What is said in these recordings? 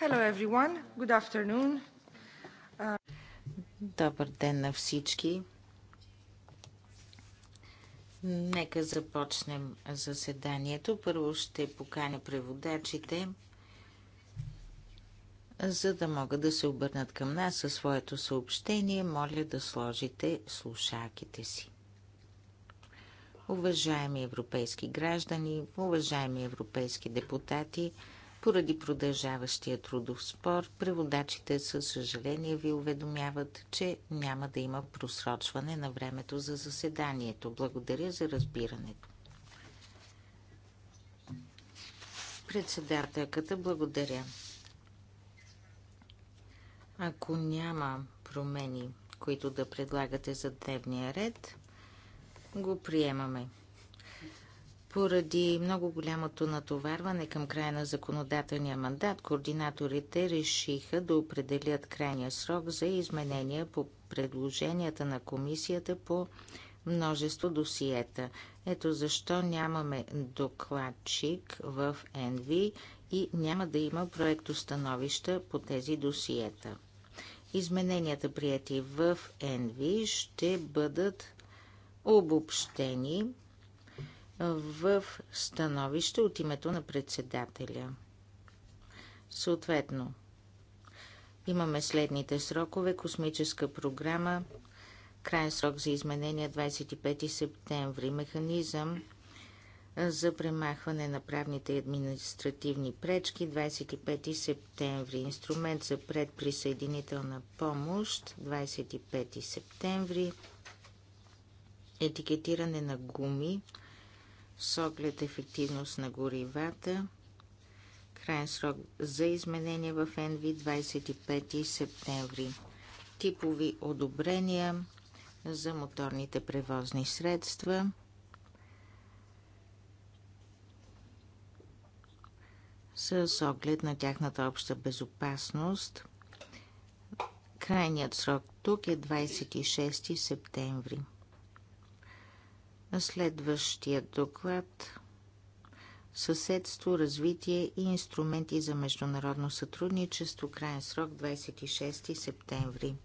Hello everyone. Good afternoon. Добър ден на всички. Нека започнем заседанието. Първо ще поканя преводачите, за да могат да се обърнат към нас със своето съобщение. Моля да сложите слушаките си. Уважаеми европейски граждани, уважаеми европейски депутати, поради продължаващия трудов спор, преводачите със съжаление ви уведомяват, че няма да има просрочване на времето за заседанието. Благодаря за разбирането. Председателката, благодаря. Ако няма промени, които да предлагате за дневния ред, го приемаме. Поради много голямото натоварване към края на законодателния мандат, координаторите решиха да определят крайния срок за изменения по предложенията на комисията по множество досиета. Ето защо нямаме докладчик в НВ и няма да има проектостановища по тези досиета. Измененията, прияти в НВ ще бъдат обобщени в становище от името на председателя. Съответно, имаме следните срокове. Космическа програма, крайен срок за изменение 25 септември, механизъм за премахване на правните и административни пречки 25 септември, инструмент за предприсъединителна помощ 25 септември, етикетиране на гуми с оглед ефективност на горивата. Крайен срок за изменение в НВ 25 септември. Типови одобрения за моторните превозни средства. С оглед на тяхната обща безопасност. Крайният срок тук е 26 септември. На следващия доклад Съседство, развитие и инструменти за международно сътрудничество. Крайен срок 26 септември.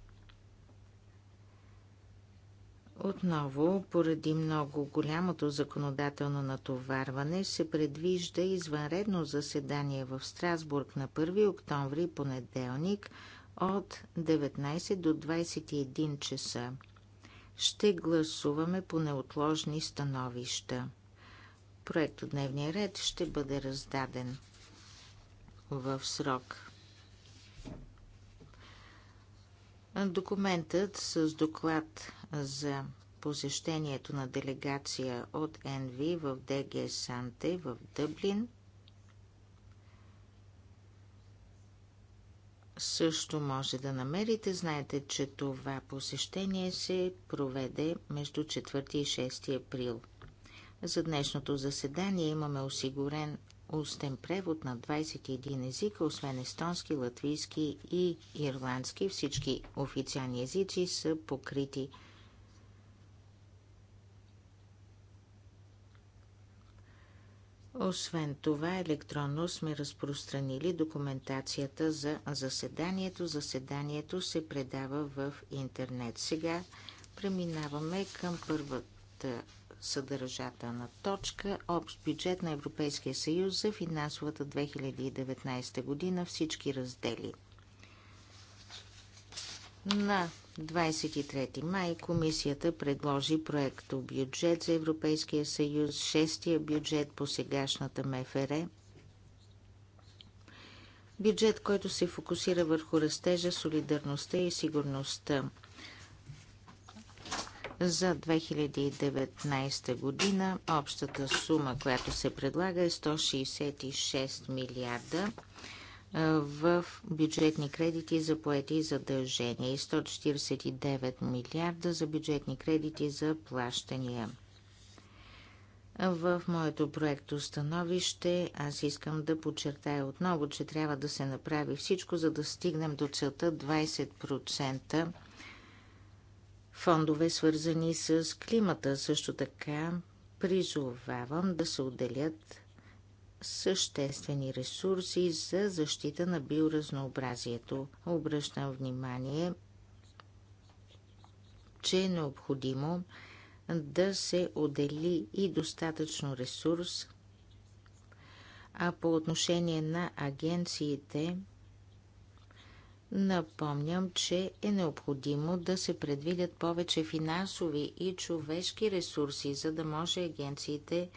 Отново, поради много голямото законодателно натоварване, се предвижда извънредно заседание в Страсбург на 1 октомври, понеделник, от 19 до 21 часа ще гласуваме по неотложни становища. Проект от дневния ред ще бъде раздаден в срок. Документът с доклад за посещението на делегация от НВ в ДГ Санте в Дъблин – също може да намерите. Знаете, че това посещение се проведе между 4 и 6 април. За днешното заседание имаме осигурен устен превод на 21 езика, освен естонски, латвийски и ирландски. Всички официални езици са покрити. Освен това, електронно сме разпространили документацията за заседанието. Заседанието се предава в интернет. Сега преминаваме към първата съдържателна точка – Общ бюджет на Европейския съюз за финансовата 2019 година, всички раздели. На 23 май комисията предложи проекто бюджет за Европейския съюз, шестия бюджет по сегашната МФР. Бюджет, който се фокусира върху растежа, солидарността и сигурността за 2019 година. Общата сума, която се предлага е 166 милиарда в бюджетни кредити за поети и задължения и 149 милиарда за бюджетни кредити за плащания. В моето проекто становище аз искам да подчертая отново, че трябва да се направи всичко, за да стигнем до целта 20% фондове, свързани с климата. Също така призовавам да се отделят съществени ресурси за защита на биоразнообразието. Обръщам внимание, че е необходимо да се отдели и достатъчно ресурс, а по отношение на агенциите, Напомням, че е необходимо да се предвидят повече финансови и човешки ресурси, за да може агенциите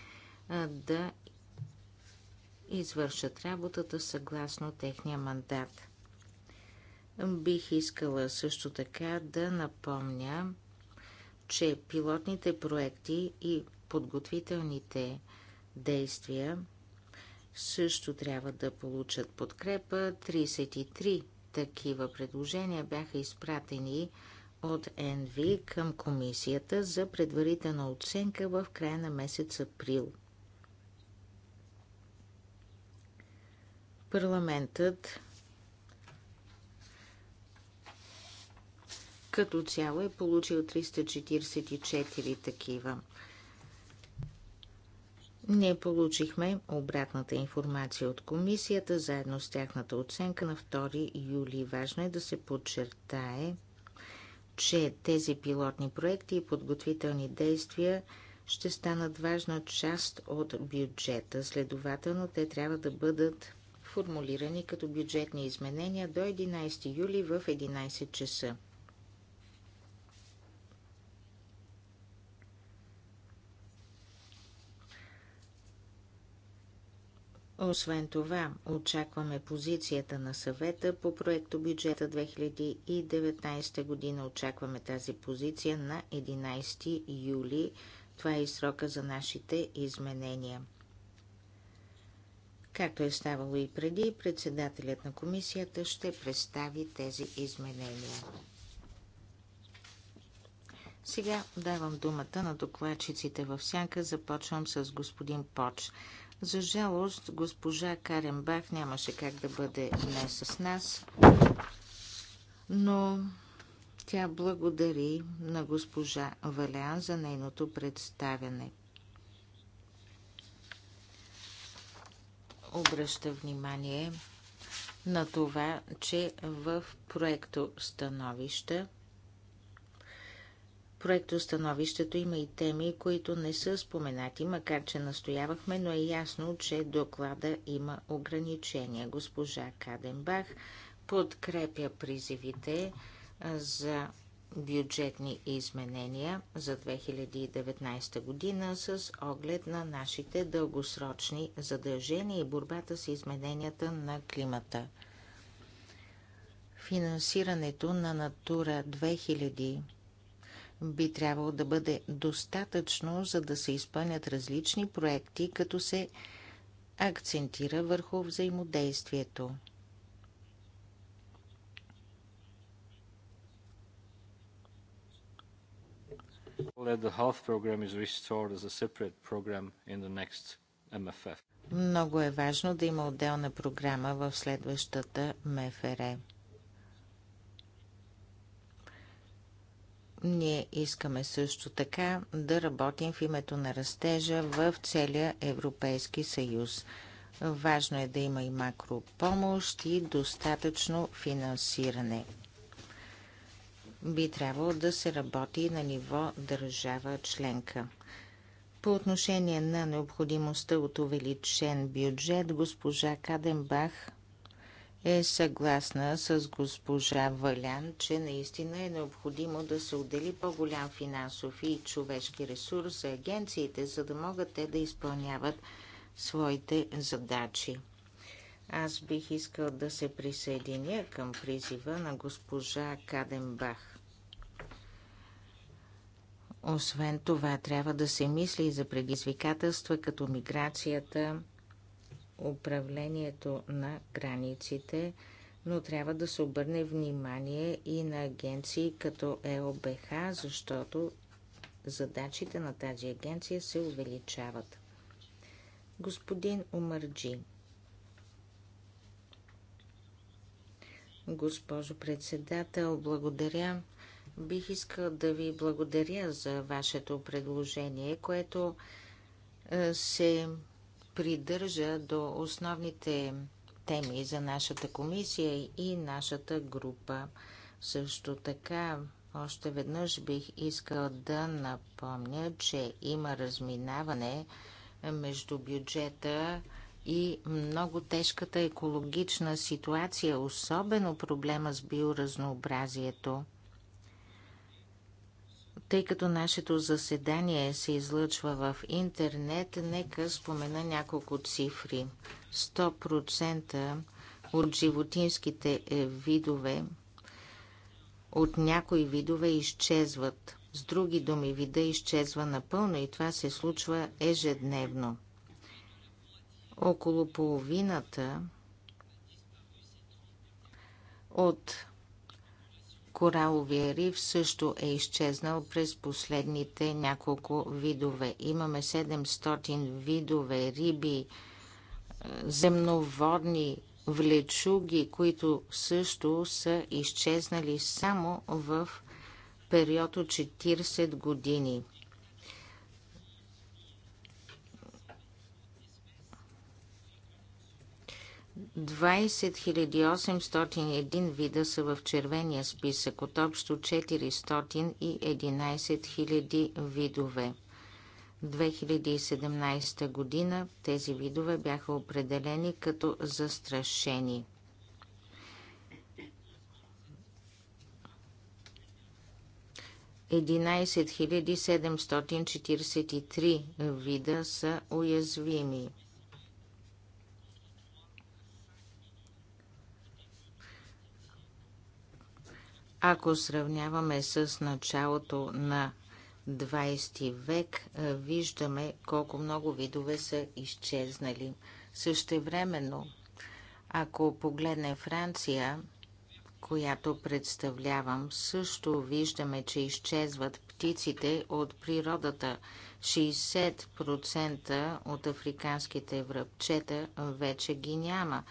да извършат работата съгласно техния мандат. Бих искала също така да напомня, че пилотните проекти и подготвителните действия също трябва да получат подкрепа. 33 такива предложения бяха изпратени от НВ към комисията за предварителна оценка в края на месец април. Парламентът като цяло е получил 344 такива. Не получихме обратната информация от комисията, заедно с тяхната оценка на 2 юли. Важно е да се подчертае, че тези пилотни проекти и подготвителни действия ще станат важна част от бюджета. Следователно, те трябва да бъдат формулирани като бюджетни изменения до 11 юли в 11 часа. Освен това, очакваме позицията на съвета по проекто бюджета 2019 година. Очакваме тази позиция на 11 юли. Това е и срока за нашите изменения. Както е ставало и преди, председателят на комисията ще представи тези изменения. Сега давам думата на докладчиците в сянка. Започвам с господин Поч. За жалост, госпожа Карен Бах нямаше как да бъде днес с нас, но тя благодари на госпожа Валян за нейното представяне. обръща внимание на това, че в проекто становища проекто становището има и теми, които не са споменати, макар че настоявахме, но е ясно, че доклада има ограничения. Госпожа Каденбах подкрепя призивите за бюджетни изменения за 2019 година с оглед на нашите дългосрочни задължения и борбата с измененията на климата. Финансирането на Натура 2000 би трябвало да бъде достатъчно, за да се изпълнят различни проекти, като се акцентира върху взаимодействието. Много е важно да има отделна програма в следващата МФР. Ние искаме също така да работим в името на растежа в целия Европейски съюз. Важно е да има и макропомощ и достатъчно финансиране би трябвало да се работи на ниво държава членка. По отношение на необходимостта от увеличен бюджет, госпожа Каденбах е съгласна с госпожа Валян, че наистина е необходимо да се отдели по-голям финансов и човешки ресурс за агенциите, за да могат те да изпълняват своите задачи. Аз бих искал да се присъединя към призива на госпожа Каденбах. Освен това, трябва да се мисли и за предизвикателства като миграцията, управлението на границите, но трябва да се обърне внимание и на агенции като ЕОБХ, защото задачите на тази агенция се увеличават. Господин Омърджи. Госпожо председател, благодаря. Бих искал да ви благодаря за вашето предложение, което е, се придържа до основните теми за нашата комисия и нашата група. Също така, още веднъж бих искал да напомня, че има разминаване между бюджета и много тежката екологична ситуация, особено проблема с биоразнообразието. Тъй като нашето заседание се излъчва в интернет, нека спомена няколко цифри. 100% от животинските е, видове, от някои видове изчезват. С други думи, вида изчезва напълно и това се случва ежедневно. Около половината от Кораловия риф също е изчезнал през последните няколко видове. Имаме 700 видове риби, е, земноводни влечуги, които също са изчезнали само в период от 40 години. 20 801 вида са в червения списък от общо 411 000 видове. 2017 година тези видове бяха определени като застрашени. Единайсет вида са уязвими. Ако сравняваме с началото на 20 век, виждаме колко много видове са изчезнали. Същевременно, ако погледне Франция, която представлявам, също виждаме, че изчезват птиците от природата. 60% от африканските връбчета вече ги няма.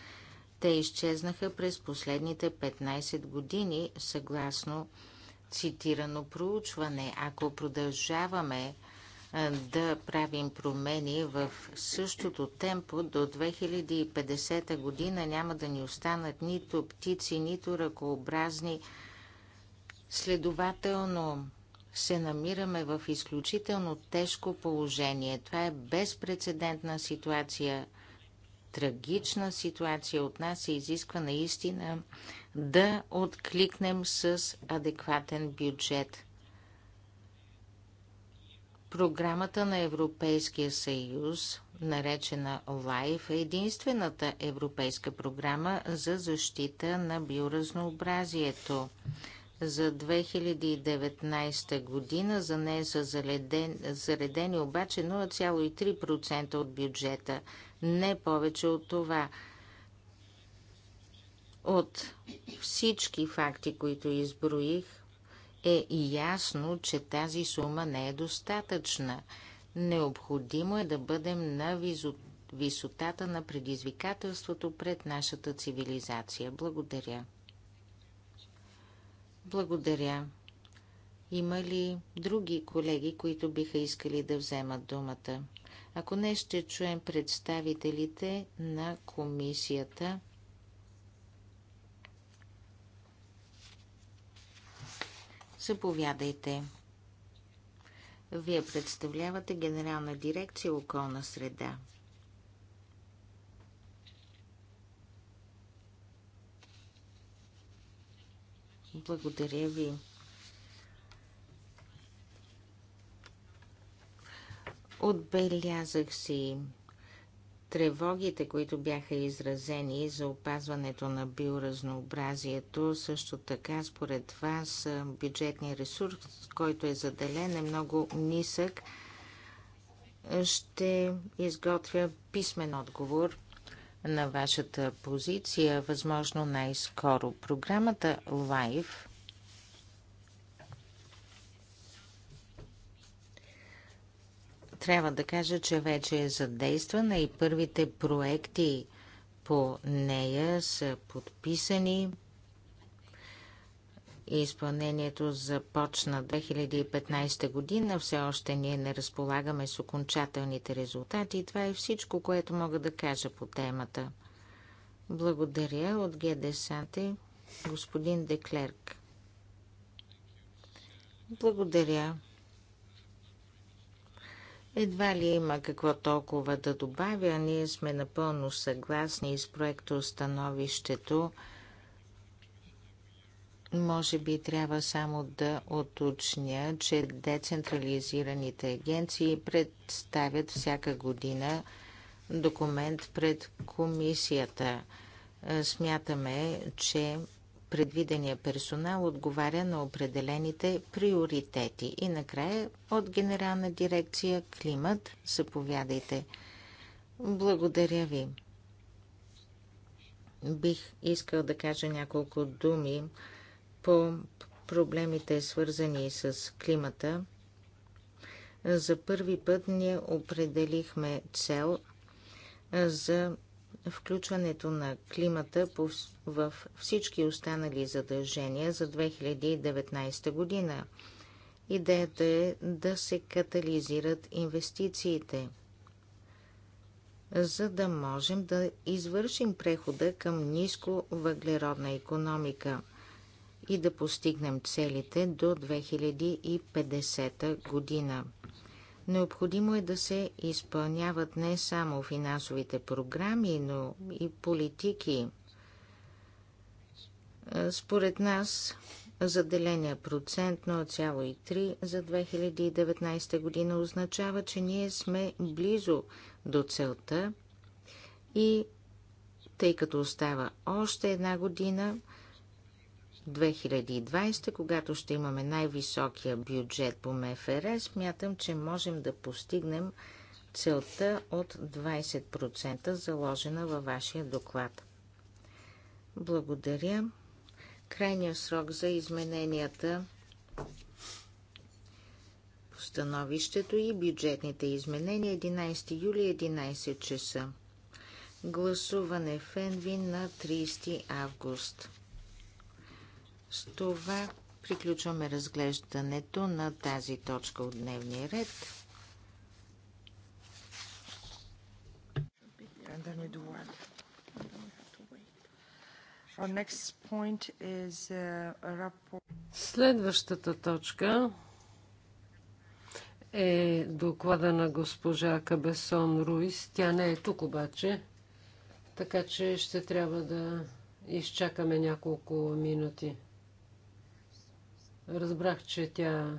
Те изчезнаха през последните 15 години, съгласно цитирано проучване. Ако продължаваме да правим промени в същото темпо до 2050 година няма да ни останат нито птици, нито ръкообразни. Следователно се намираме в изключително тежко положение. Това е безпредседентна ситуация трагична ситуация. От нас се изисква наистина да откликнем с адекватен бюджет. Програмата на Европейския съюз, наречена LIFE, е единствената европейска програма за защита на биоразнообразието за 2019 година. За нея са заредени обаче 0,3% от бюджета. Не повече от това. От всички факти, които изброих, е ясно, че тази сума не е достатъчна. Необходимо е да бъдем на висотата на предизвикателството пред нашата цивилизация. Благодаря. Благодаря. Има ли други колеги, които биха искали да вземат думата? Ако не, ще чуем представителите на комисията. Заповядайте. Вие представлявате Генерална дирекция околна среда. Благодаря ви. Отбелязах си тревогите, които бяха изразени за опазването на биоразнообразието. Също така, според вас, бюджетният ресурс, който е заделен, е много нисък. Ще изготвя писмен отговор на вашата позиция възможно най-скоро. Програмата LIFE трябва да кажа, че вече е задействана и първите проекти по нея са подписани. Изпълнението започна 2015 година. Все още ние не разполагаме с окончателните резултати. Това е всичко, което мога да кажа по темата. Благодаря от ГД Санте, господин Деклерк. Благодаря. Едва ли има какво толкова да добавя. Ние сме напълно съгласни с проекто становището. Може би трябва само да оточня, че децентрализираните агенции представят всяка година документ пред комисията. Е, смятаме, че предвидения персонал отговаря на определените приоритети. И накрая от Генерална дирекция Климат, заповядайте. Благодаря ви. Бих искал да кажа няколко думи по проблемите, свързани с климата, за първи път ние определихме цел за включването на климата в всички останали задължения за 2019 година. Идеята е да се катализират инвестициите, за да можем да извършим прехода към ниско въглеродна економика – и да постигнем целите до 2050 година. Необходимо е да се изпълняват не само финансовите програми, но и политики. Според нас заделения процент 0,3 за 2019 година означава, че ние сме близо до целта и тъй като остава още една година, 2020, когато ще имаме най-високия бюджет по МФР, смятам, че можем да постигнем целта от 20% заложена във вашия доклад. Благодаря. Крайният срок за измененията по становището и бюджетните изменения 11 юли 11 часа. Гласуване в Енвин на 30 август. С това приключваме разглеждането на тази точка от дневния ред. Uh, Следващата точка е доклада на госпожа Кабесон Руис. Тя не е тук обаче, така че ще трябва да изчакаме няколко минути. Разбрах, че тя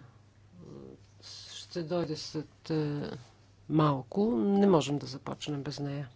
ще дойде след е, малко. Не можем да започнем без нея.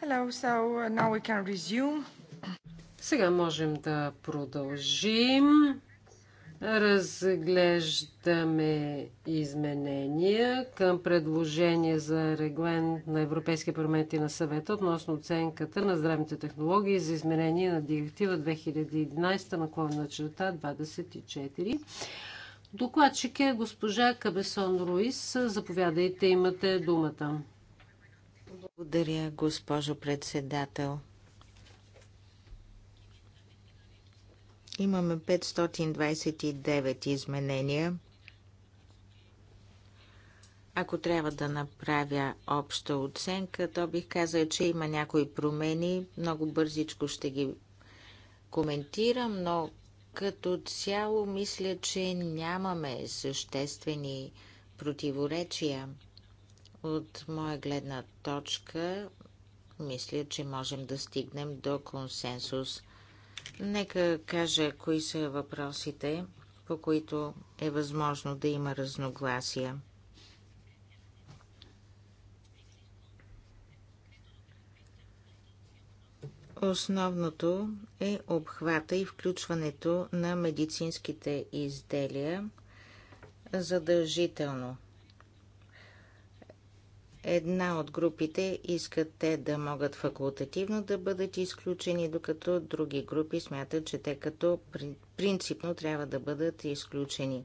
Hello, so uh, now we can resume. Сега можем да продължим. Разглеждаме изменения към предложение за реглен на Европейския парламент и на съвета относно оценката на здравните технологии за изменение на директива 2011 на клонна черта 24. Докладчик е госпожа Кабесон Руис. Заповядайте, имате думата. Благодаря, госпожо председател. Имаме 529 изменения. Ако трябва да направя обща оценка, то бих казал, че има някои промени. Много бързичко ще ги коментирам, но като цяло мисля, че нямаме съществени противоречия. От моя гледна точка, мисля, че можем да стигнем до консенсус. Нека кажа кои са въпросите, по които е възможно да има разногласия. Основното е обхвата и включването на медицинските изделия задължително. Една от групите искат те да могат факултативно да бъдат изключени, докато други групи смятат, че те като принципно трябва да бъдат изключени.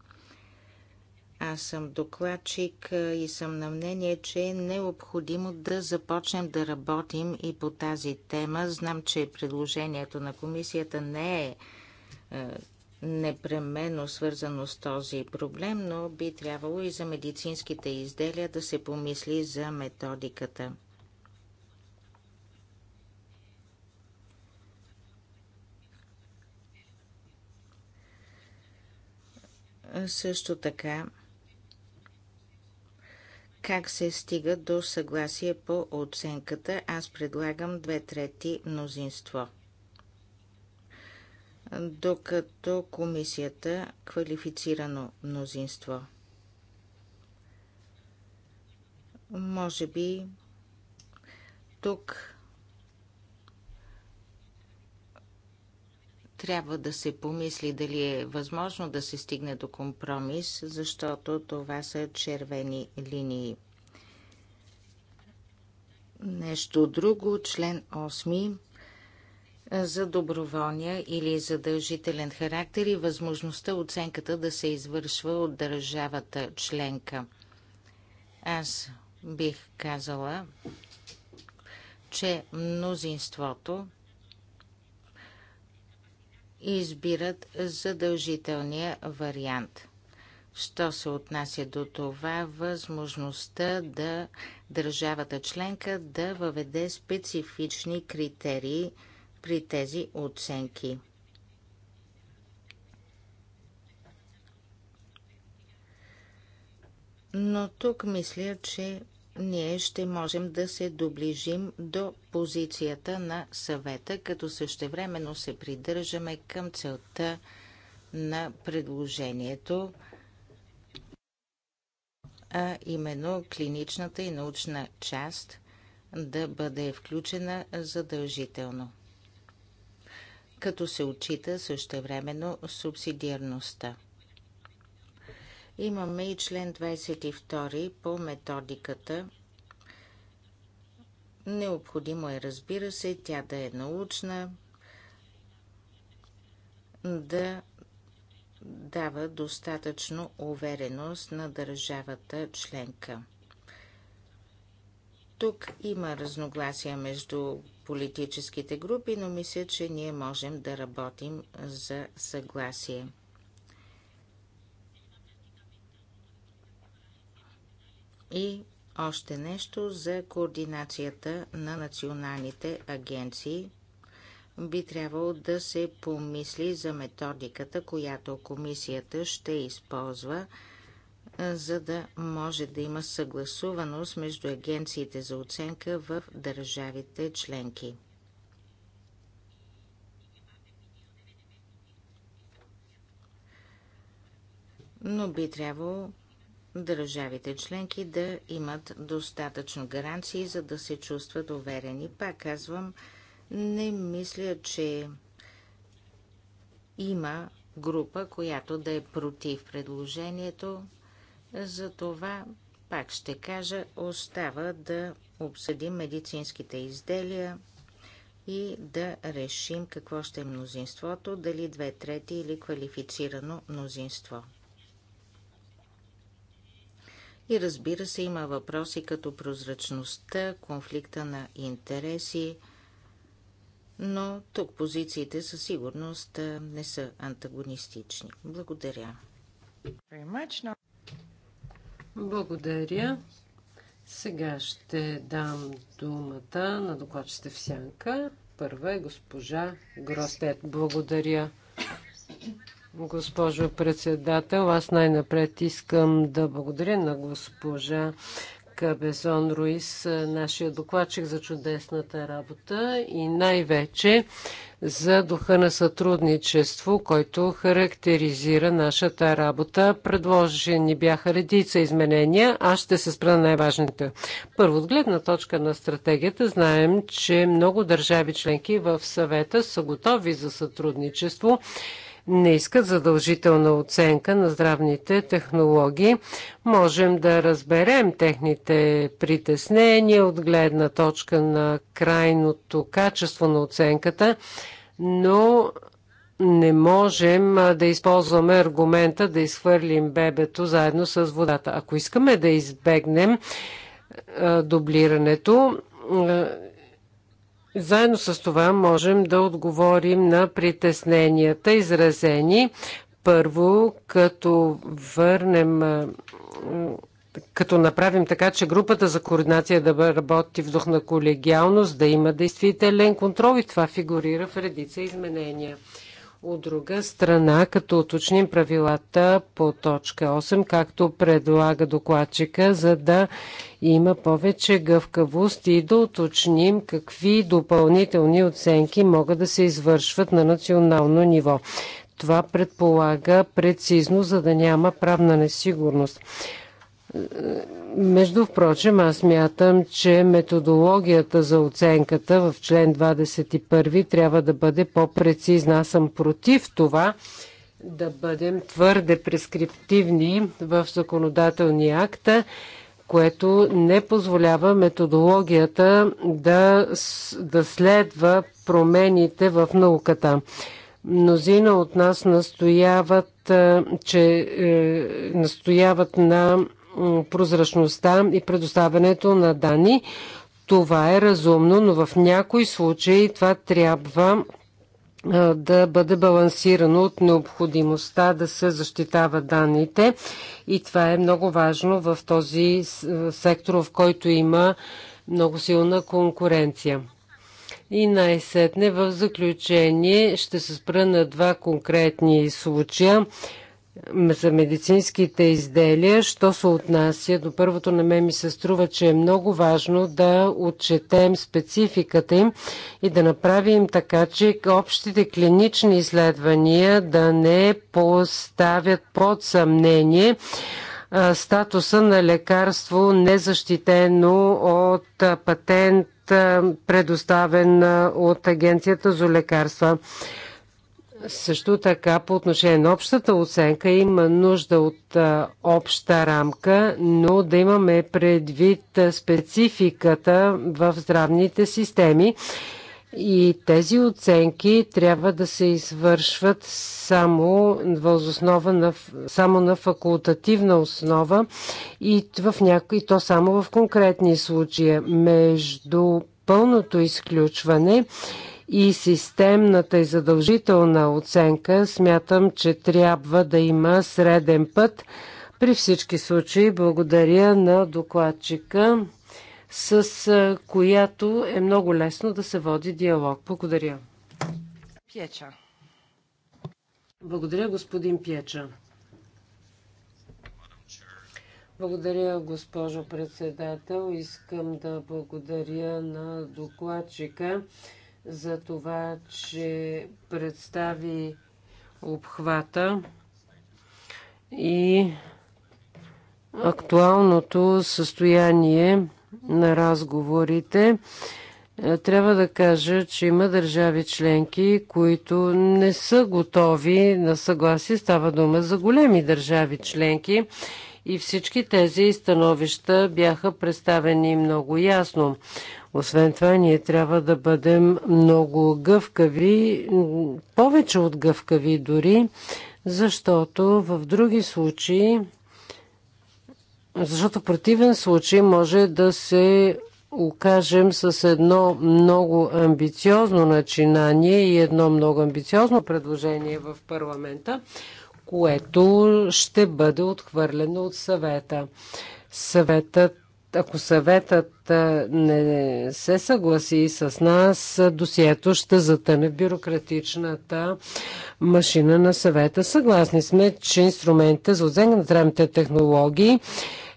Аз съм докладчик и съм на мнение, че е необходимо да започнем да работим и по тази тема. Знам, че предложението на комисията не е непременно свързано с този проблем, но би трябвало и за медицинските изделия да се помисли за методиката. Също така, как се стига до съгласие по оценката, аз предлагам две трети мнозинство – докато комисията квалифицирано мнозинство. Може би тук трябва да се помисли дали е възможно да се стигне до компромис, защото това са червени линии. Нещо друго, член 8 за доброволния или задължителен характер и възможността оценката да се извършва от държавата членка. Аз бих казала, че мнозинството избират задължителния вариант. Що се отнася до това, възможността да държавата членка да въведе специфични критерии – при тези оценки. Но тук мисля, че ние ще можем да се доближим до позицията на съвета, като същевременно се придържаме към целта на предложението, а именно клиничната и научна част да бъде включена задължително като се отчита същевременно субсидиарността. Имаме и член 22 по методиката. Необходимо е, разбира се, тя да е научна, да дава достатъчно увереност на държавата членка. Тук има разногласия между политическите групи, но мисля, че ние можем да работим за съгласие. И още нещо за координацията на националните агенции. Би трябвало да се помисли за методиката, която комисията ще използва за да може да има съгласуваност между агенциите за оценка в държавите членки. Но би трябвало държавите членки да имат достатъчно гаранции, за да се чувстват уверени. Пак казвам, не мисля, че има група, която да е против предложението. Затова, пак ще кажа, остава да обсъдим медицинските изделия и да решим какво ще е мнозинството, дали две трети или квалифицирано мнозинство. И разбира се, има въпроси като прозрачността, конфликта на интереси, но тук позициите със сигурност не са антагонистични. Благодаря. Благодаря. Сега ще дам думата на докладчите в сянка. Първа е госпожа Гростет. Благодаря. Госпожо председател, аз най-напред искам да благодаря на госпожа Кабезон Руис, нашия докладчик за чудесната работа и най-вече за духа на сътрудничество, който характеризира нашата работа. Предложени бяха редица изменения. Аз ще се спра на най-важните. Първо, от гледна точка на стратегията, знаем, че много държави членки в съвета са готови за сътрудничество не искат задължителна оценка на здравните технологии. Можем да разберем техните притеснения от гледна точка на крайното качество на оценката, но не можем да използваме аргумента да изхвърлим бебето заедно с водата. Ако искаме да избегнем дублирането, заедно с това можем да отговорим на притесненията, изразени първо, като върнем като направим така, че групата за координация да работи в дух на колегиалност, да има действителен контрол и това фигурира в редица изменения. От друга страна, като уточним правилата по точка 8, както предлага докладчика, за да има повече гъвкавост и да уточним какви допълнителни оценки могат да се извършват на национално ниво. Това предполага прецизно, за да няма правна несигурност. Между впрочем, аз мятам, че методологията за оценката в член 21 трябва да бъде по-прецизна. Аз съм против това да бъдем твърде прескриптивни в законодателния акт, което не позволява методологията да, да следва промените в науката. Мнозина от нас настояват, е, че е, настояват на прозрачността и предоставянето на данни. Това е разумно, но в някои случаи това трябва да бъде балансирано от необходимостта да се защитават данните. И това е много важно в този сектор, в който има много силна конкуренция. И най-сетне в заключение ще се спра на два конкретни случая за медицинските изделия, що се отнася до първото на мен ми се струва, че е много важно да отчетем спецификата им и да направим така, че общите клинични изследвания да не поставят под съмнение статуса на лекарство незащитено от патент, предоставен от Агенцията за лекарства. Също така по отношение на общата оценка има нужда от а, обща рамка, но да имаме предвид спецификата в здравните системи. И тези оценки трябва да се извършват само, възоснова на, само на факултативна основа и, в и то само в конкретни случаи. Между пълното изключване и системната и задължителна оценка, смятам, че трябва да има среден път. При всички случаи благодаря на докладчика, с която е много лесно да се води диалог. Благодаря. Пьеча. Благодаря, господин Пьеча. Благодаря, госпожо председател. Искам да благодаря на докладчика за това, че представи обхвата и актуалното състояние на разговорите. Е, трябва да кажа, че има държави членки, които не са готови на съгласие. Става дума за големи държави членки и всички тези становища бяха представени много ясно. Освен това, ние трябва да бъдем много гъвкави, повече от гъвкави дори, защото в други случаи, защото в противен случай може да се окажем с едно много амбициозно начинание и едно много амбициозно предложение в парламента, което ще бъде отхвърлено от съвета. Съветът ако съветът не се съгласи с нас, досието ще затъне в бюрократичната машина на съвета. Съгласни сме, че инструментите за оценка на здравните технологии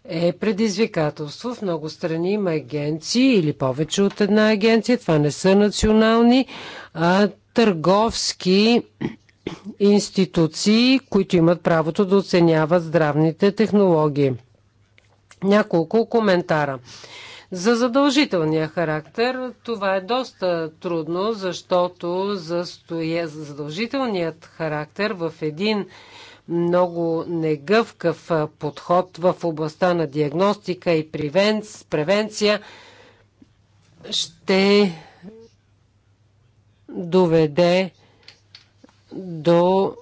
е предизвикателство. В много страни има агенции или повече от една агенция. Това не са национални, а търговски институции, които имат правото да оценяват здравните технологии. Няколко коментара. За задължителния характер това е доста трудно, защото за задължителният характер в един много негъвкав подход в областта на диагностика и превенция ще доведе до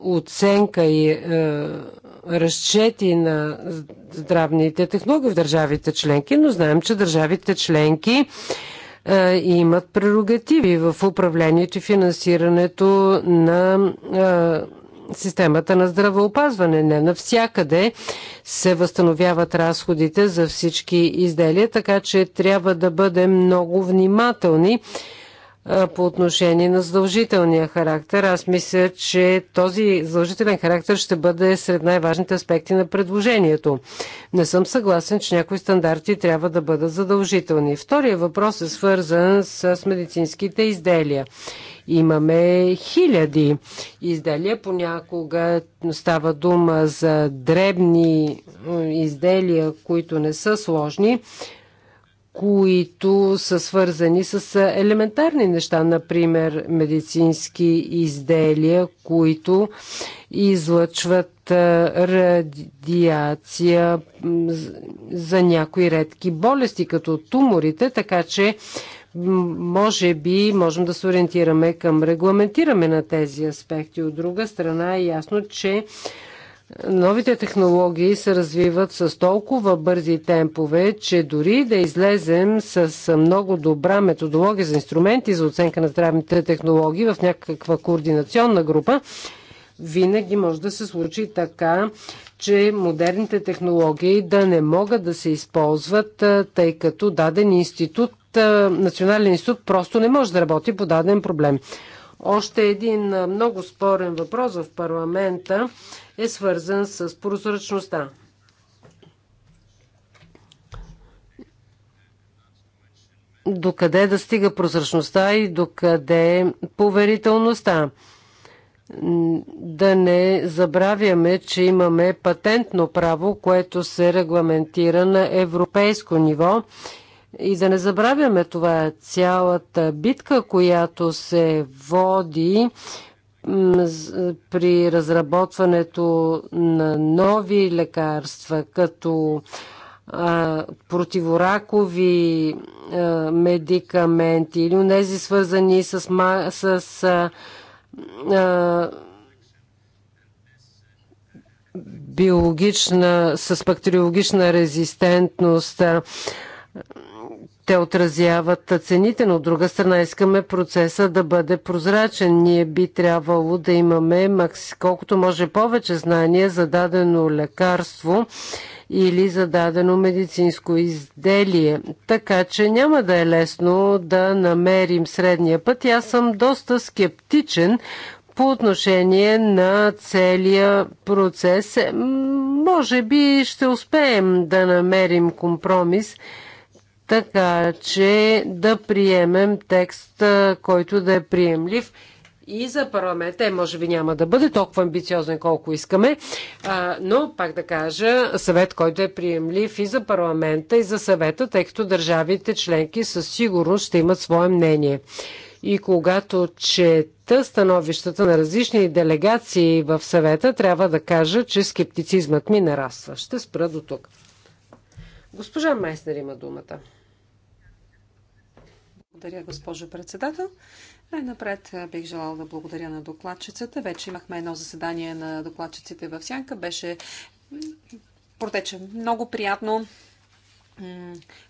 оценка и е, разчети на здравните технологии в държавите членки, но знаем, че държавите членки е, имат прерогативи в управлението и финансирането на е, системата на здравеопазване. Не навсякъде се възстановяват разходите за всички изделия, така че трябва да бъдем много внимателни по отношение на задължителния характер. Аз мисля, че този задължителен характер ще бъде сред най-важните аспекти на предложението. Не съм съгласен, че някои стандарти трябва да бъдат задължителни. Втория въпрос е свързан с медицинските изделия. Имаме хиляди изделия. Понякога става дума за дребни изделия, които не са сложни които са свързани с елементарни неща, например медицински изделия, които излъчват радиация за някои редки болести, като туморите, така че може би можем да се ориентираме към регламентиране на тези аспекти. От друга страна е ясно, че Новите технологии се развиват с толкова бързи темпове, че дори да излезем с много добра методология за инструменти за оценка на здравните технологии в някаква координационна група, винаги може да се случи така, че модерните технологии да не могат да се използват, тъй като даден институт, национален институт просто не може да работи по даден проблем. Още един много спорен въпрос в парламента е свързан с прозрачността. Докъде да стига прозрачността и докъде е поверителността? Да не забравяме, че имаме патентно право, което се регламентира на европейско ниво и да не забравяме това е цялата битка, която се води при разработването на нови лекарства, като противоракови медикаменти или тези свързани с, с биологична, с бактериологична резистентност те отразяват цените, но от друга страна искаме процеса да бъде прозрачен. Ние би трябвало да имаме макс, колкото може повече знания за дадено лекарство или за дадено медицинско изделие. Така че няма да е лесно да намерим средния път. Аз съм доста скептичен по отношение на целия процес. Може би ще успеем да намерим компромис – така че да приемем текст, който да е приемлив и за парламент. Е, може би няма да бъде толкова амбициозен, колко искаме, а, но пак да кажа, съвет, който е приемлив и за парламента, и за съвета, тъй като държавите членки със сигурност ще имат свое мнение. И когато чета становищата на различни делегации в съвета, трябва да кажа, че скептицизмът ми нараства. Ще спра до тук. Госпожа Майснер има думата. Благодаря, госпожо председател. Най-напред бих желала да благодаря на докладчицата. Вече имахме едно заседание на докладчиците в Сянка. Беше протече много приятно.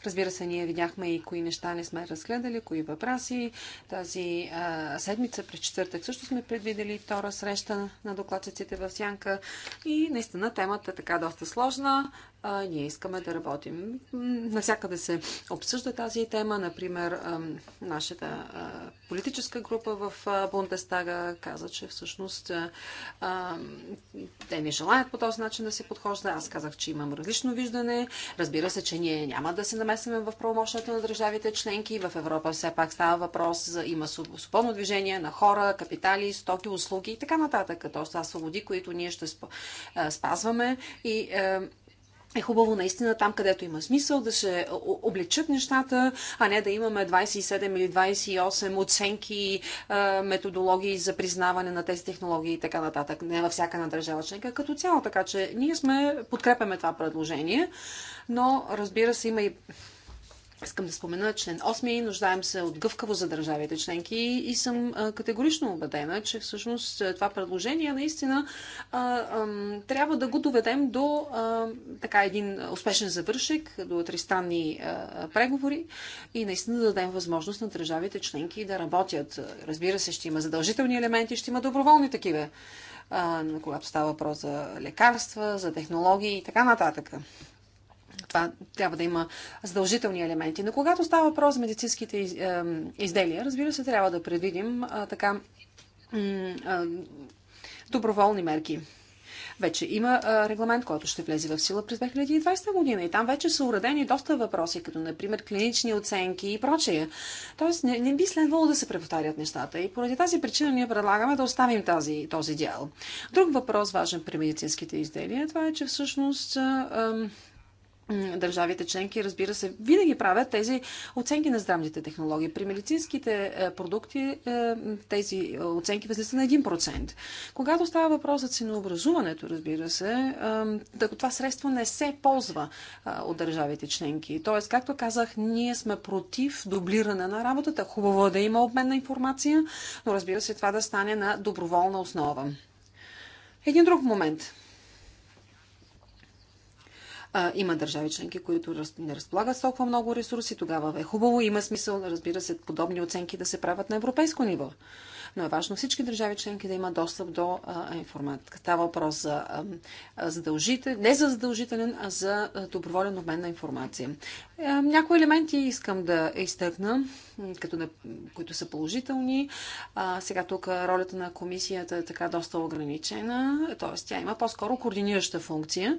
Разбира се, ние видяхме и кои неща не сме разгледали, кои въпроси. Тази а, седмица, през четвъртък, също сме предвидели втора среща на докладчиците в Сянка. И наистина темата е така доста сложна а, ние искаме да работим. Навсякъде се обсъжда тази тема. Например, нашата политическа група в Бундестага каза, че всъщност а, те не желаят по този начин да се подхожда. Аз казах, че имам различно виждане. Разбира се, че ние няма да се намесваме в правомощията на държавите членки. В Европа все пак става въпрос за има свободно движение на хора, капитали, стоки, услуги и така нататък. Тоест, това свободи, които ние ще спазваме и е хубаво наистина там, където има смисъл, да се обличат нещата, а не да имаме 27 или 28 оценки, методологии за признаване на тези технологии и така нататък. Не във всяка една държава членка като цяло. Така че ние сме, подкрепяме това предложение, но разбира се има и Искам да спомена член 8. Нуждаем се от гъвкаво за държавите членки и съм категорично убедена, че всъщност това предложение наистина а, а, трябва да го доведем до а, така един успешен завършек, до тристанни преговори и наистина да дадем възможност на държавите членки да работят. Разбира се, ще има задължителни елементи, ще има доброволни такива, когато става въпрос за лекарства, за технологии и така нататък. Това трябва да има задължителни елементи. Но когато става въпрос за медицинските изделия, разбира се, трябва да предвидим така доброволни мерки. Вече има регламент, който ще влезе в сила през 2020 година и там вече са уредени доста въпроси, като например клинични оценки и прочее. Тоест не, не би следвало да се преповтарят нещата и поради тази причина ние предлагаме да оставим тази, този дял. Друг въпрос, важен при медицинските изделия, това е, че всъщност държавите членки, разбира се, винаги правят тези оценки на здравните технологии. При медицинските е, продукти е, тези оценки възлизат на 1%. Когато става въпрос за ценообразуването, разбира се, това средство не се ползва от държавите членки. Тоест, както казах, ние сме против дублиране на работата. Хубаво е да има обмен на информация, но разбира се, това да стане на доброволна основа. Един друг момент – а, има държави членки, които не разполагат толкова много ресурси. Тогава е хубаво. Има смисъл, разбира се, подобни оценки да се правят на европейско ниво но е важно всички държави членки да имат достъп до информатика. Става въпрос за задължителен, не за задължителен, а за доброволен обмен на информация. Е, някои елементи искам да изтъкна, като да, които са положителни. А, сега тук ролята на комисията е така доста ограничена, т.е. тя има по-скоро координираща функция.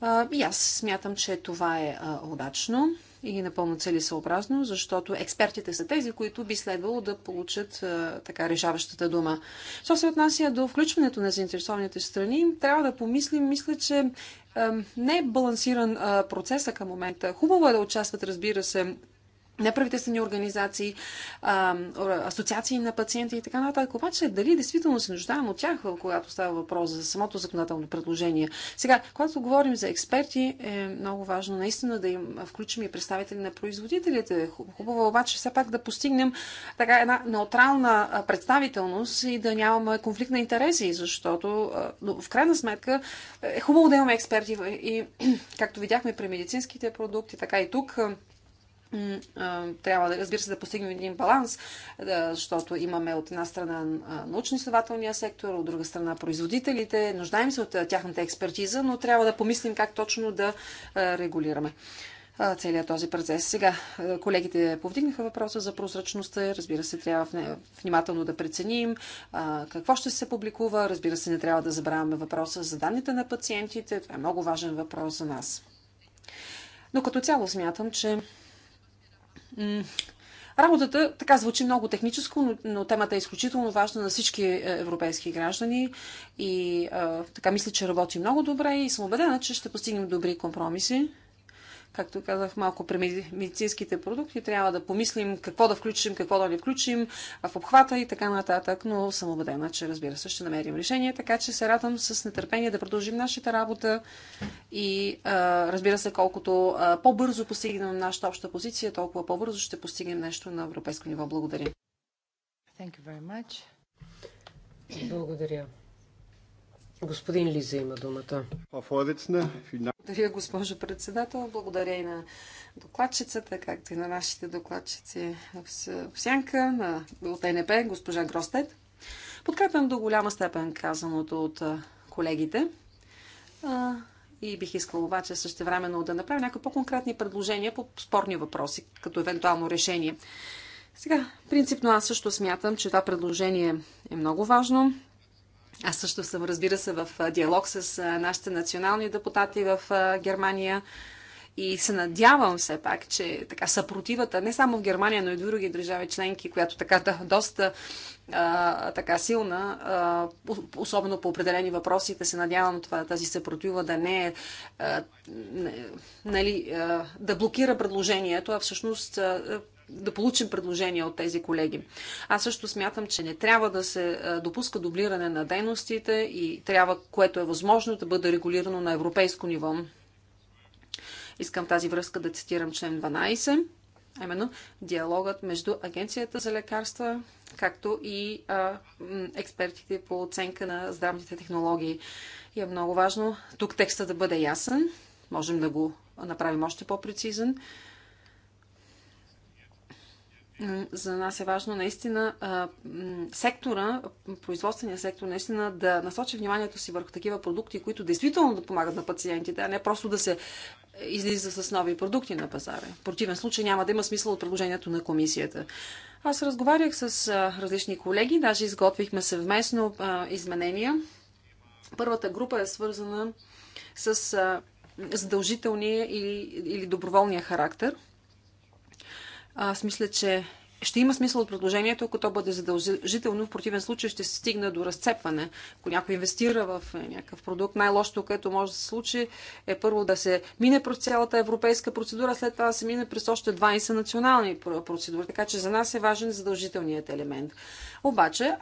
А, и аз смятам, че това е а, удачно и напълно целесообразно, защото експертите са тези, които би следвало да получат а, така решаващата дума. Що се отнася до включването на заинтересованите страни, трябва да помислим, мисля, че а, не е балансиран процеса към момента. Хубаво е да участват, разбира се, неправителствени организации, асоциации на пациенти и така нататък. Обаче, дали действително се нуждаем от тях, когато става въпрос за самото законодателно предложение. Сега, когато говорим за експерти, е много важно наистина да им включим и представители на производителите. Хубаво е обаче все пак да постигнем така една неутрална представителност и да нямаме конфликт на интереси, защото в крайна сметка е, е хубаво да имаме експерти и, както видяхме при медицинските продукти, така и тук трябва да, разбира се, да постигнем един баланс, защото имаме от една страна научно-изследователния сектор, от друга страна производителите, нуждаем се от тяхната експертиза, но трябва да помислим как точно да регулираме целият този процес. Сега колегите повдигнаха въпроса за прозрачността. Разбира се, трябва внимателно да преценим какво ще се публикува. Разбира се, не трябва да забравяме въпроса за данните на пациентите. Това е много важен въпрос за нас. Но като цяло смятам, че Работата така звучи много техническо, но, но темата е изключително важна на всички е, европейски граждани и а, така мисля, че работи много добре и съм убедена, че ще постигнем добри компромиси както казах малко при медицинските продукти, трябва да помислим какво да включим, какво да не включим в обхвата и така нататък, но съм убедена, че разбира се ще намерим решение, така че се радвам с нетърпение да продължим нашата работа и разбира се, колкото по-бързо постигнем нашата обща позиция, толкова по-бързо ще постигнем нещо на европейско ниво. Благодаря. Благодаря. Господин Лиза има думата. Благодаря, госпожо председател. Благодаря и на докладчицата, както и на нашите докладчици в Сянка, на, от НП, госпожа Гростет. Подкрепям до голяма степен казаното от колегите. И бих искал обаче също времено да направя някои по-конкретни предложения по спорни въпроси, като евентуално решение. Сега, принципно аз също смятам, че това предложение е много важно. Аз също съм, разбира се, в диалог с нашите национални депутати в Германия. И се надявам все пак, че така съпротивата не само в Германия, но и в други държави членки, която така да, доста а, така силна, а, особено по определени въпроси, да се надявам това, тази съпротива да не не нали, а, да блокира предложението, а всъщност а, да получим предложения от тези колеги. Аз също смятам, че не трябва да се допуска дублиране на дейностите и трябва, което е възможно, да бъде регулирано на европейско ниво. Искам тази връзка да цитирам член 12, а именно диалогът между Агенцията за лекарства, както и а, експертите по оценка на здравните технологии. И е много важно тук текста да бъде ясен, можем да го направим още по-прецизен за нас е важно наистина сектора, производствения сектор, наистина да насочи вниманието си върху такива продукти, които действително да помагат на пациентите, а не просто да се излиза с нови продукти на пазара. В противен случай няма да има смисъл от предложението на комисията. Аз разговарях с различни колеги, даже изготвихме съвместно изменения. Първата група е свързана с задължителния или доброволния характер – аз мисля, че ще има смисъл от предложението, ако то бъде задължително. В противен случай ще се стигна до разцепване. Ако някой инвестира в някакъв продукт, най-лошото, което може да се случи, е първо да се мине през цялата европейска процедура, след това да се мине през още 20 национални процедури. Така че за нас е важен задължителният елемент. Обаче,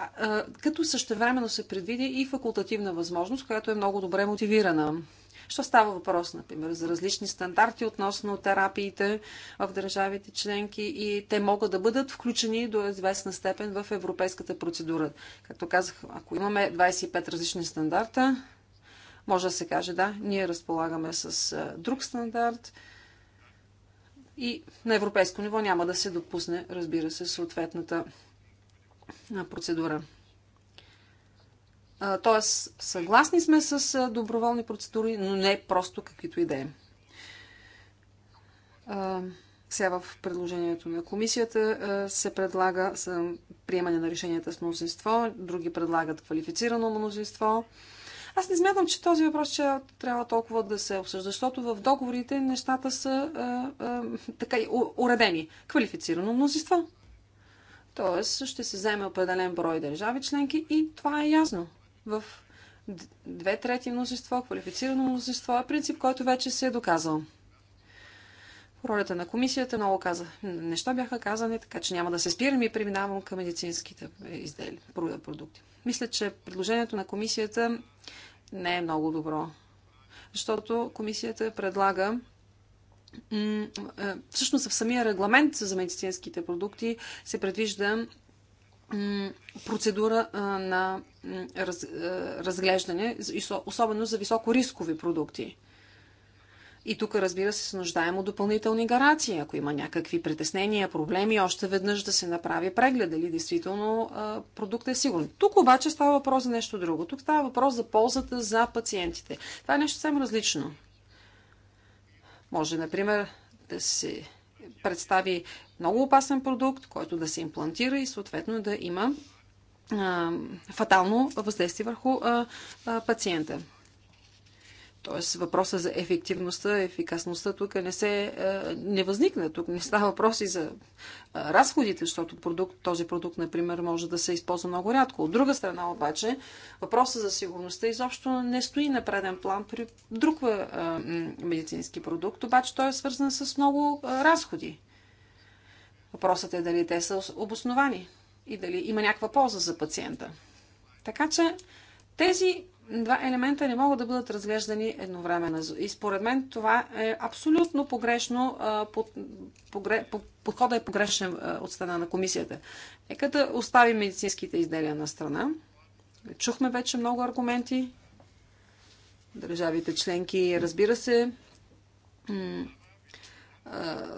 като същевременно се предвиди и факултативна възможност, която е много добре мотивирана. Що става въпрос, например, за различни стандарти относно терапиите в държавите членки и те могат да бъдат включени до известна степен в европейската процедура. Както казах, ако имаме 25 различни стандарта, може да се каже, да, ние разполагаме с друг стандарт и на европейско ниво няма да се допусне, разбира се, съответната процедура т.е. съгласни сме с доброволни процедури, но не просто каквито и да е. Сега в предложението на комисията се предлага приемане на решенията с мнозинство, други предлагат квалифицирано мнозинство. Аз не смятам, че този въпрос че трябва толкова да се обсъжда, защото в договорите нещата са а, а, така уредени. Квалифицирано мнозинство. Тоест ще се вземе определен брой държави членки и това е ясно в две трети множество, квалифицирано множество, е принцип, който вече се е доказал. Ролята на комисията много каза. Неща бяха казани, така че няма да се спирам и преминавам към медицинските изделия, продукти. Мисля, че предложението на комисията не е много добро, защото комисията предлага е, Всъщност в самия регламент за медицинските продукти се предвижда процедура на разглеждане, особено за високорискови продукти. И тук, разбира се, се нуждаем от допълнителни гаранции. Ако има някакви притеснения, проблеми, още веднъж да се направи преглед, дали действително продуктът е сигурен. Тук обаче става въпрос за нещо друго. Тук става въпрос за ползата за пациентите. Това е нещо съвсем различно. Може, например, да се представи много опасен продукт, който да се имплантира и съответно да има фатално въздействие върху пациента. Тоест въпроса за ефективността, ефикасността тук не се е, не възникна. Тук не става въпроси за е, разходите, защото продукт, този продукт, например, може да се използва много рядко. От друга страна обаче, въпроса за сигурността изобщо не стои на преден план при друг е, медицински продукт, обаче той е свързан с много разходи. Въпросът е дали те са обосновани и дали има някаква полза за пациента. Така че тези два елемента не могат да бъдат разглеждани едновременно. И според мен това е абсолютно погрешно. подходът е погрешен от страна на комисията. Нека да оставим медицинските изделия на страна. Чухме вече много аргументи. Държавите членки, разбира се,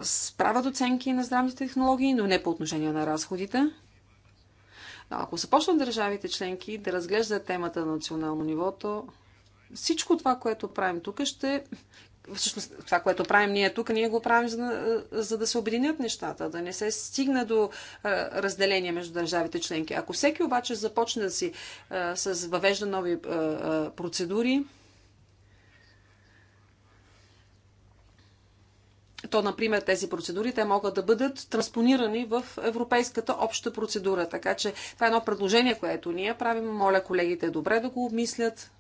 справят оценки на здравните технологии, но не по отношение на разходите. Ако се почнат държавите членки да разглеждат темата на национално нивото, всичко това, което правим тук, ще. Всъщност, това, което правим ние тук, ние го правим за, за да се объединят нещата, да не се стигне до а, разделение между държавите членки. Ако всеки обаче започне да си а, с въвежда нови а, процедури, то, например, тези процедури, те могат да бъдат транспонирани в европейската обща процедура. Така че това е едно предложение, което ние правим. Моля колегите добре да го обмислят.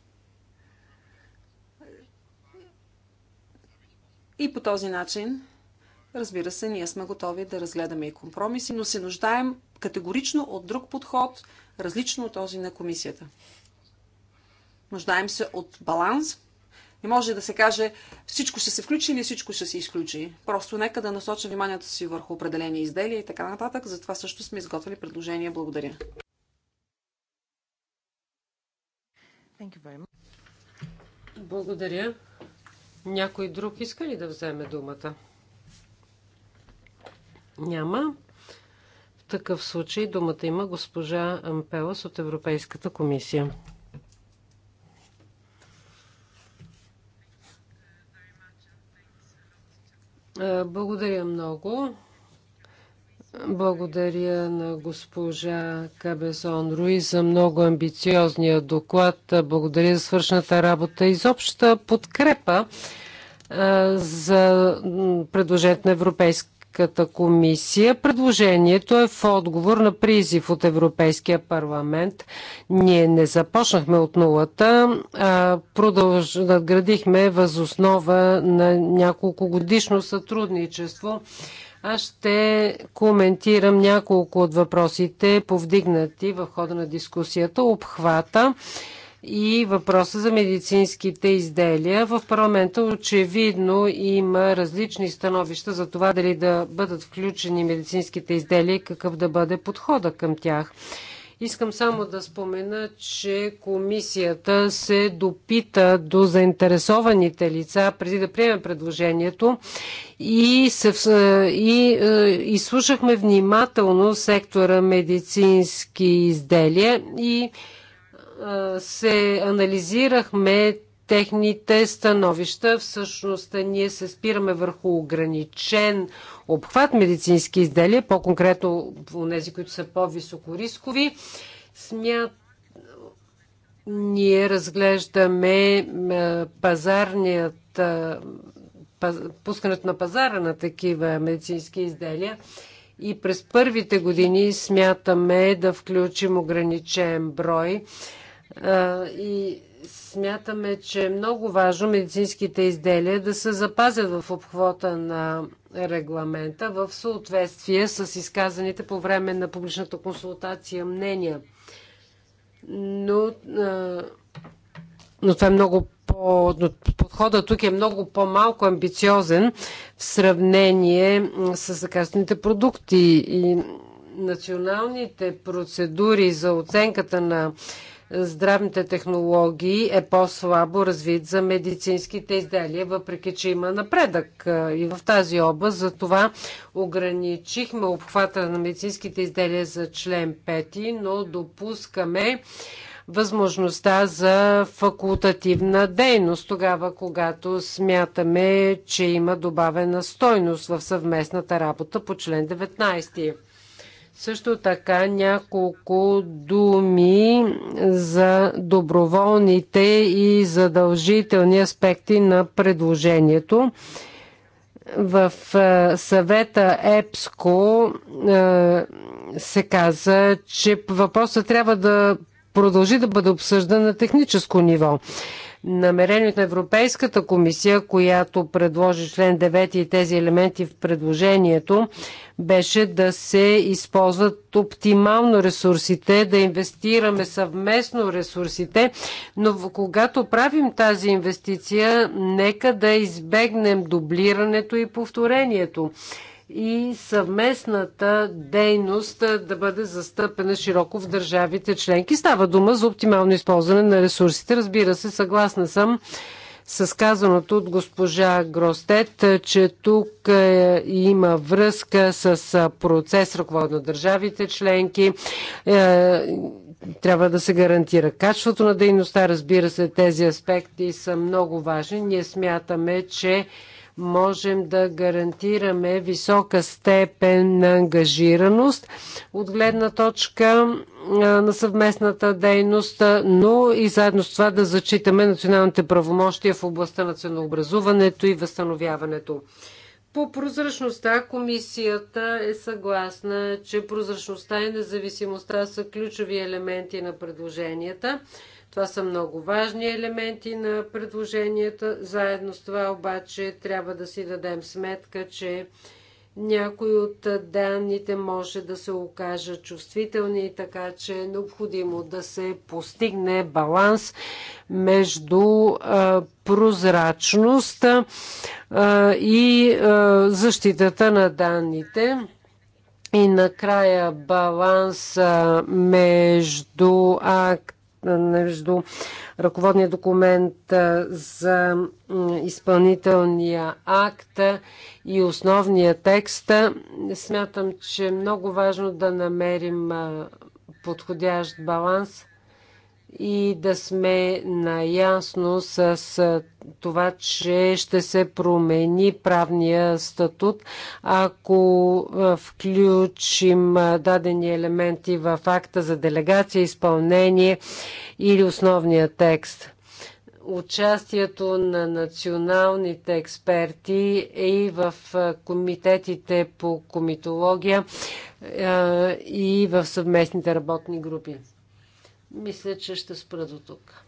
И по този начин, разбира се, ние сме готови да разгледаме и компромиси, но се нуждаем категорично от друг подход, различно от този на комисията. Нуждаем се от баланс не може да се каже всичко ще се включи или всичко ще се изключи. Просто нека да насоча вниманието си върху определени изделия и така нататък. Затова също сме изготвили предложение. Благодаря. Благодаря. Някой друг иска ли да вземе думата? Няма. В такъв случай думата има госпожа Ампелас от Европейската комисия. Е, благодаря много. Благодаря на госпожа Кабесон Руи за много амбициозния доклад. Благодаря за свършната работа и е, за общата подкрепа за предложението на Европейския Европейската комисия. Предложението е в отговор на призив от Европейския парламент. Ние не започнахме от нулата, а продълж... надградихме възоснова на няколко годишно сътрудничество. Аз ще коментирам няколко от въпросите, повдигнати в хода на дискусията. Обхвата и въпроса за медицинските изделия. В парламента очевидно има различни становища за това дали да бъдат включени медицинските изделия и какъв да бъде подхода към тях. Искам само да спомена, че комисията се допита до заинтересованите лица преди да приеме предложението и, се, и, е, и слушахме внимателно сектора медицински изделия и се анализирахме техните становища. Всъщност ние се спираме върху ограничен обхват медицински изделия, по-конкретно тези, които са по-високорискови. Смят... Ние разглеждаме пазарният пускането на пазара на такива медицински изделия и през първите години смятаме да включим ограничен брой и смятаме, че е много важно медицинските изделия да се запазят в обхвата на регламента в съответствие с изказаните по време на публичната консултация мнения. Но, но това е много по... Но подходът тук е много по-малко амбициозен в сравнение с лекарствените продукти и националните процедури за оценката на здравните технологии е по-слабо развит за медицинските изделия, въпреки че има напредък и в тази област. Затова ограничихме обхвата на медицинските изделия за член 5, но допускаме възможността за факултативна дейност, тогава когато смятаме, че има добавена стойност в съвместната работа по член 19. Също така няколко думи за доброволните и задължителни аспекти на предложението. В е, съвета ЕПСКО е, се каза, че въпросът трябва да продължи да бъде обсъждан на техническо ниво намерението на Европейската комисия, която предложи член 9 и тези елементи в предложението, беше да се използват оптимално ресурсите, да инвестираме съвместно ресурсите, но когато правим тази инвестиция, нека да избегнем дублирането и повторението и съвместната дейност да бъде застъпена широко в държавите членки. Става дума за оптимално използване на ресурсите. Разбира се, съгласна съм с казаното от госпожа Гростет, че тук е, има връзка с процес ръковод на държавите членки. Е, трябва да се гарантира качеството на дейността. Разбира се, тези аспекти са много важни. Ние смятаме, че можем да гарантираме висока степен на ангажираност от гледна точка на съвместната дейност, но и заедно с това да зачитаме националните правомощия в областта на ценообразуването и възстановяването. По прозрачността комисията е съгласна, че прозрачността и независимостта са ключови елементи на предложенията. Това са много важни елементи на предложенията. Заедно с това обаче трябва да си дадем сметка, че някои от данните може да се окажат чувствителни, така че е необходимо да се постигне баланс между прозрачност и защитата на данните. И накрая баланс между акт между ръководния документ за изпълнителния акт и основния текст. Смятам, че е много важно да намерим подходящ баланс и да сме наясно с това, че ще се промени правния статут, ако включим дадени елементи в акта за делегация, изпълнение или основния текст. Участието на националните експерти и в комитетите по комитология и в съвместните работни групи. Мисля, че ще спра до тук.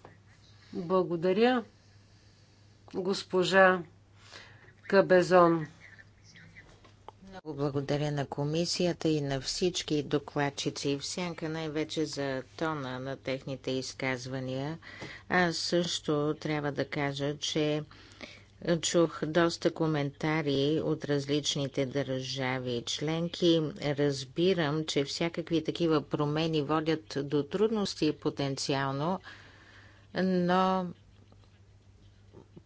Благодаря, госпожа Кабезон. Много благодаря на комисията и на всички докладчици и сянка най-вече за тона на техните изказвания. Аз също трябва да кажа, че Чух доста коментари от различните държави и членки. Разбирам, че всякакви такива промени водят до трудности потенциално, но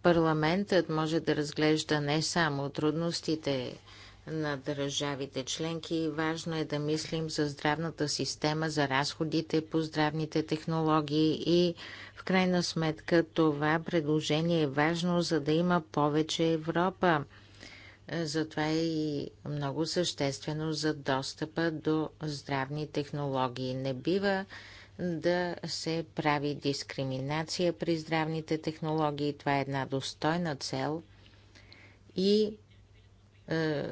парламентът може да разглежда не само трудностите, на държавите членки. Важно е да мислим за здравната система, за разходите по здравните технологии и в крайна сметка това предложение е важно, за да има повече Европа. Затова е и много съществено за достъпа до здравни технологии. Не бива да се прави дискриминация при здравните технологии. Това е една достойна цел и е,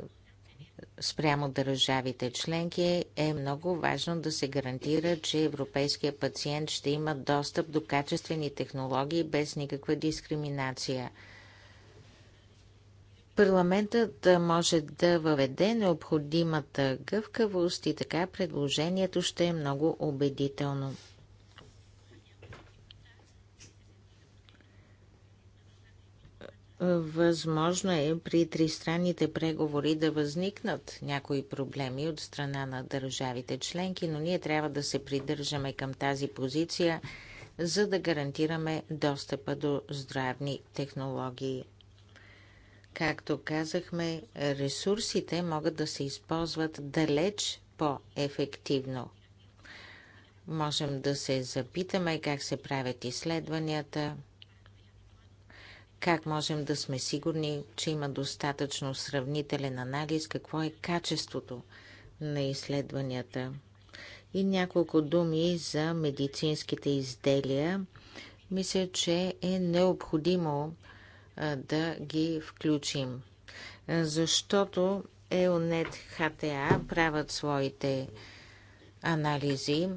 спрямо държавите членки, е много важно да се гарантира, че европейският пациент ще има достъп до качествени технологии без никаква дискриминация. Парламентът може да въведе необходимата гъвкавост и така предложението ще е много убедително. Възможно е при тристранните преговори да възникнат някои проблеми от страна на държавите членки, но ние трябва да се придържаме към тази позиция, за да гарантираме достъпа до здравни технологии. Както казахме, ресурсите могат да се използват далеч по-ефективно. Можем да се запитаме как се правят изследванията, как можем да сме сигурни, че има достатъчно сравнителен анализ? Какво е качеството на изследванията? И няколко думи за медицинските изделия. Мисля, че е необходимо да ги включим, защото EONET ХТА правят своите анализи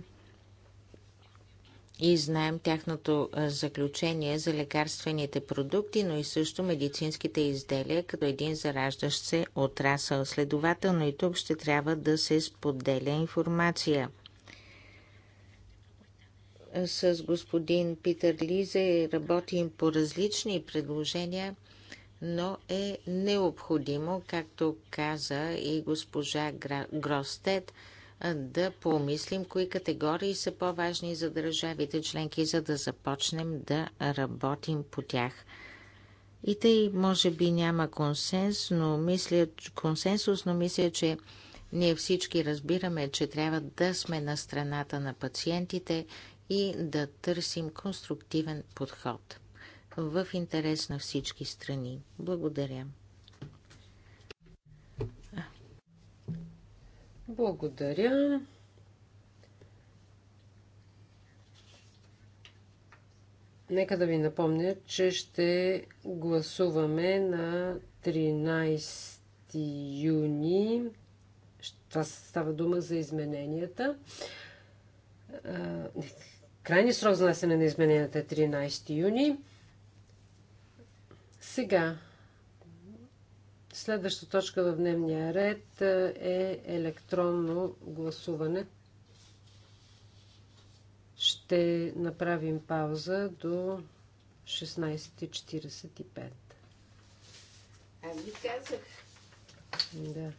и знаем тяхното заключение за лекарствените продукти, но и също медицинските изделия като един зараждащ се отрасъл. Следователно и тук ще трябва да се споделя информация. С господин Питър Лизе работим по различни предложения, но е необходимо, както каза и госпожа Гростет, да помислим кои категории са по-важни за държавите членки, за да започнем да работим по тях. И тъй може би няма консенс, но мисля, консенсус, но мисля, че ние всички разбираме, че трябва да сме на страната на пациентите и да търсим конструктивен подход в интерес на всички страни. Благодаря. Благодаря. Нека да ви напомня, че ще гласуваме на 13 юни. Това става дума за измененията. Крайният срок за внасяне на измененията е 13 юни. Сега Следваща точка в дневния ред е, е електронно гласуване. Ще направим пауза до 16.45. Аз ви казах. Да.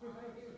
Thank you.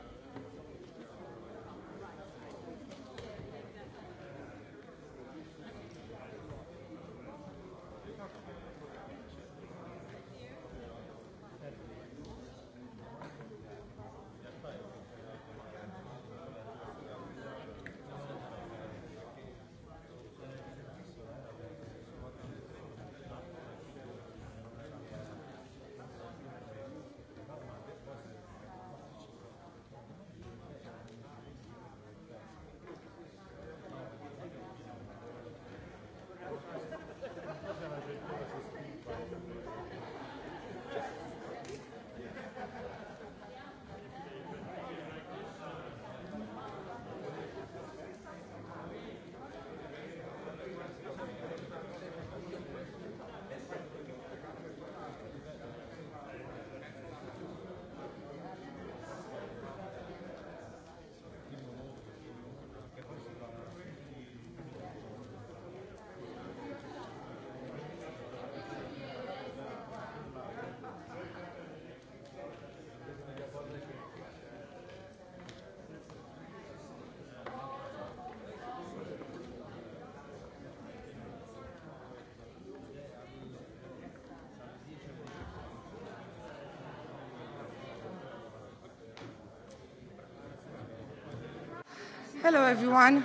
Hello everyone.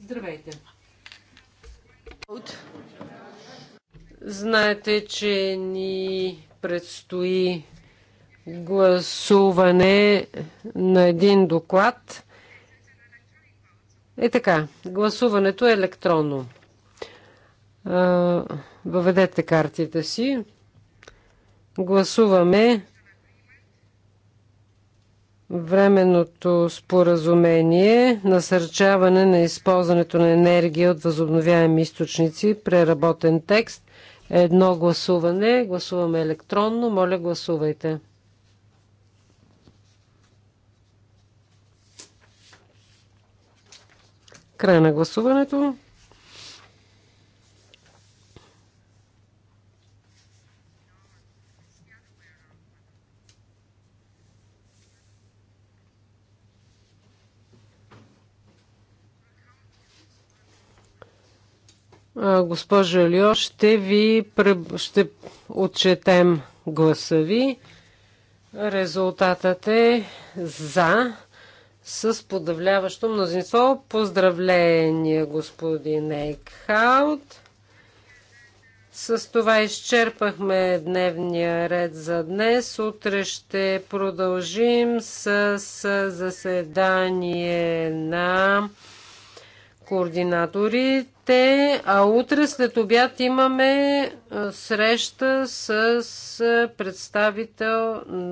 Здравейте. Знаете, че ни предстои гласуване на един доклад. Е така, гласуването е електронно. Въведете картите си. Гласуваме временното споразумение насърчаване на използването на енергия от възобновяеми източници, преработен текст, едно гласуване. Гласуваме електронно. Моля, гласувайте. Край на гласуването. Госпожо Лио, ще ви ще отчетем гласа ви. Резултатът е за с подавляващо мнозинство. Поздравление, господин Ейкхаут. С това изчерпахме дневния ред за днес. Утре ще продължим с заседание на координаторите, а утре след обяд имаме среща с представител